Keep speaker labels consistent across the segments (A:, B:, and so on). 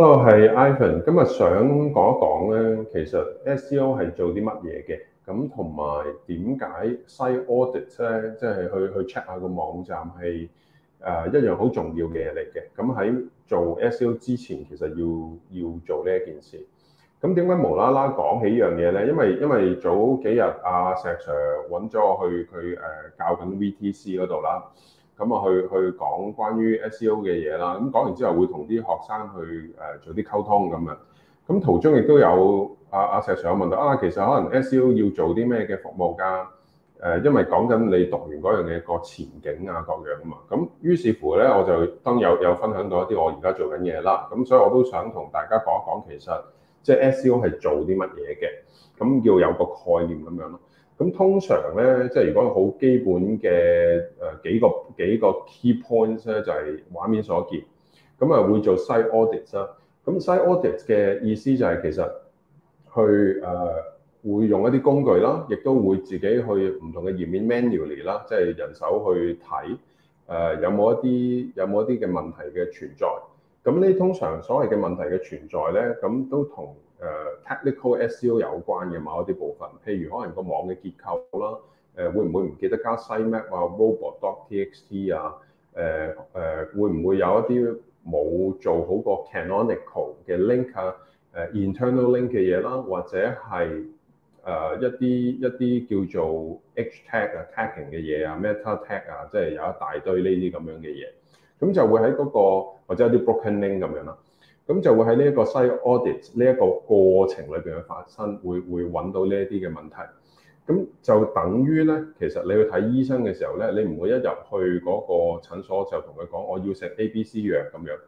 A: Hello，係 Ivan，今日想講一講咧，其實 SEO 係做啲乜嘢嘅，咁同埋點解 site audit 咧，即係去去 check 下個網站係誒一樣好重要嘅嘢嚟嘅。咁喺做 SEO 之前，其實要要做呢一件事。咁點解無啦啦講起呢樣嘢咧？因為因為早幾日阿石 Sir 揾咗我去去誒教緊 VTC 嗰度啦。咁啊，去去講關於 SEO 嘅嘢啦。咁講完之後，會同啲學生去誒做啲溝通咁啊。咁途中亦都有阿阿石想問到啊，其實可能 SEO 要做啲咩嘅服務㗎？誒、呃，因為講緊你讀完嗰樣嘢個前景啊，各樣啊嘛。咁於是乎咧，我就當有有分享到一啲我而家做緊嘢啦。咁所以我都想同大家講一講，其實即係 SEO 係做啲乜嘢嘅，咁要有個概念咁樣咯。咁通常咧，即係如果好基本嘅誒幾個幾個 key points 咧，就係畫面所見，咁啊會做 site audit 啦。咁 site audit 嘅意思就係其實去誒、呃、會用一啲工具啦，亦都會自己去唔同嘅頁面 manually 啦，即係人手去睇誒有冇一啲有冇一啲嘅問題嘅存在。咁呢通常所謂嘅問題嘅存在咧，咁都同，誒 technical SEO 有關嘅某一啲部分，譬如可能個網嘅結構啦，誒會唔會唔記得加 site map 啊、robot.txt 啊，誒、呃、誒會唔會有一啲冇做好個 canonical 嘅 link 啊、誒、啊、internal link 嘅嘢啦，或者係誒、呃、一啲一啲叫做 h tag 啊、tagging 嘅嘢啊、meta tag 啊，即、就、係、是、有一大堆呢啲咁樣嘅嘢，咁就會喺嗰、那個或者有啲 broken link 咁樣啦。咁就會喺呢一個 site audit 呢一個過程裏邊去發生，會會揾到呢一啲嘅問題。咁就等於咧，其實你去睇醫生嘅時候咧，你唔會一入去嗰個診所就同佢講我要食 A、B、C 藥咁樣，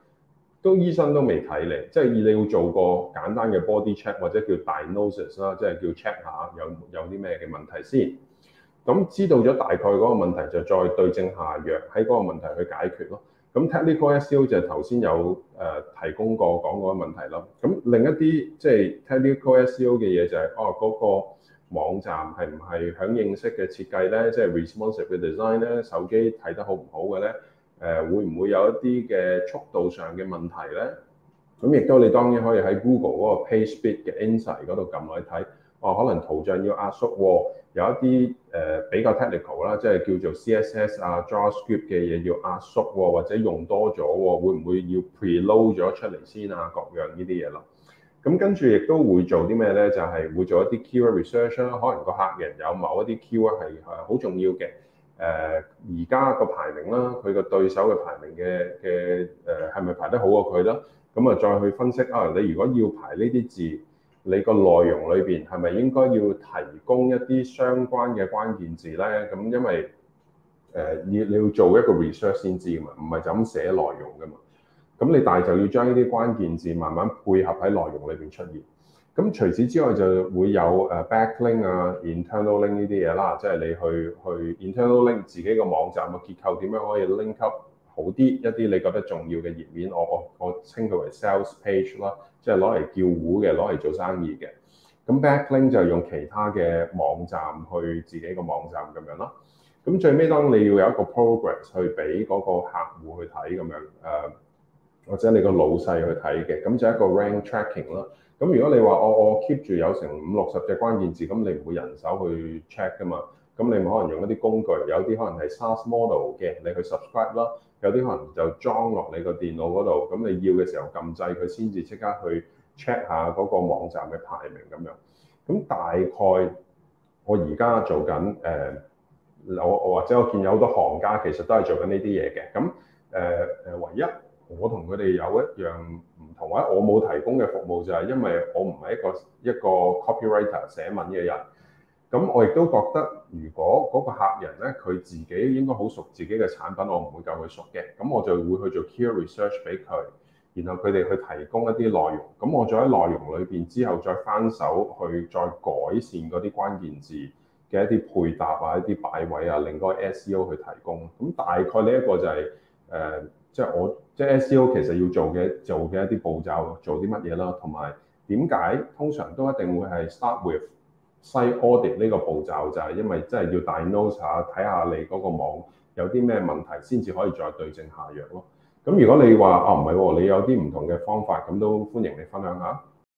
A: 都醫生都未睇你，即係你要做個簡單嘅 body check 或者叫 diagnosis 啦，即係叫 check 下有有啲咩嘅問題先。咁知道咗大概嗰個問題，就再對症下藥，喺嗰個問題去解決咯。咁 technical SEO 就係頭先有誒提供過講嗰個問題啦。咁另一啲即係、就是、technical SEO 嘅嘢就係哦嗰個網站係唔係響應式嘅設計咧，即、就、係、是、responsive 嘅 design 咧，手機睇得好唔好嘅咧？誒、啊、會唔會有一啲嘅速度上嘅問題咧？咁亦都你當然可以喺 Google 嗰個 PageSpeed 嘅 Insight 嗰度撳落去睇。哦，可能圖像要壓縮喎、哦，有一啲誒、呃、比較 technical 啦，即係叫做 CSS 啊、JavaScript 嘅嘢要壓縮喎、哦，或者用多咗喎、哦，會唔會要 preload 咗出嚟先啊？各樣呢啲嘢咯，咁跟住亦都會做啲咩咧？就係、是、會做一啲 keyword research 啦，可能個客人有某一啲 keyword 係係好重要嘅，誒而家個排名啦，佢個對手嘅排名嘅嘅誒係咪排得好過佢啦？咁啊，再去分析啊，你如果要排呢啲字。你個內容裏邊係咪應該要提供一啲相關嘅關鍵字咧？咁因為誒要、呃、你要做一個 research 先知㗎嘛，唔係就咁寫內容㗎嘛。咁你大就要將呢啲關鍵字慢慢配合喺內容裏邊出現。咁除此之外就會有誒 backlink 啊、internal link 呢啲嘢啦，即係你去去 internal link 自己個網站嘅結構點樣可以 link up。好啲一啲你覺得重要嘅頁面，我我我稱佢為 sales page 咯，即係攞嚟叫糊嘅，攞嚟做生意嘅。咁 backlink 就用其他嘅網站去自己個網站咁樣咯。咁最尾當你要有一個 progress 去俾嗰個客戶去睇咁樣，誒或者你個老細去睇嘅，咁就一個 rank tracking 咯。咁如果你話我我 keep 住有成五六十隻關鍵字，咁你唔會人手去 check 㗎嘛？咁你冇可能用一啲工具，有啲可能係 SaaS model 嘅，你去 subscribe 啦，有啲可能就裝落你個電腦嗰度，咁你要嘅時候撳掣，佢先至即刻去 check 下嗰個網站嘅排名咁樣，咁大概我而家做緊誒、呃，我或者我見有好多行家其實都係做緊呢啲嘢嘅。咁誒誒唯一我同佢哋有一樣唔同或者我冇提供嘅服務就係因為我唔係一個一個 copywriter 寫文嘅人，咁我亦都覺得。如果嗰個客人咧，佢自己應該好熟自己嘅產品，我唔會夠佢熟嘅，咁我就會去做 key research 俾佢，然後佢哋去提供一啲內容，咁我再喺內容裏邊之後再翻手去再改善嗰啲關鍵字嘅一啲配搭啊、一啲擺位啊，令個 SEO 去提供。咁大概呢一個就係誒，即係我即係 SEO 其實要做嘅做嘅一啲步驟，做啲乜嘢啦，同埋點解通常都一定會係 start with。西 audit，呢個步驟就係因為真係要 diagnose 吓，睇下你嗰個網有啲咩問題，先至可以再對症下藥咯。咁如果你話啊，唔係喎，你有啲唔同嘅方法，咁都歡迎你分享下。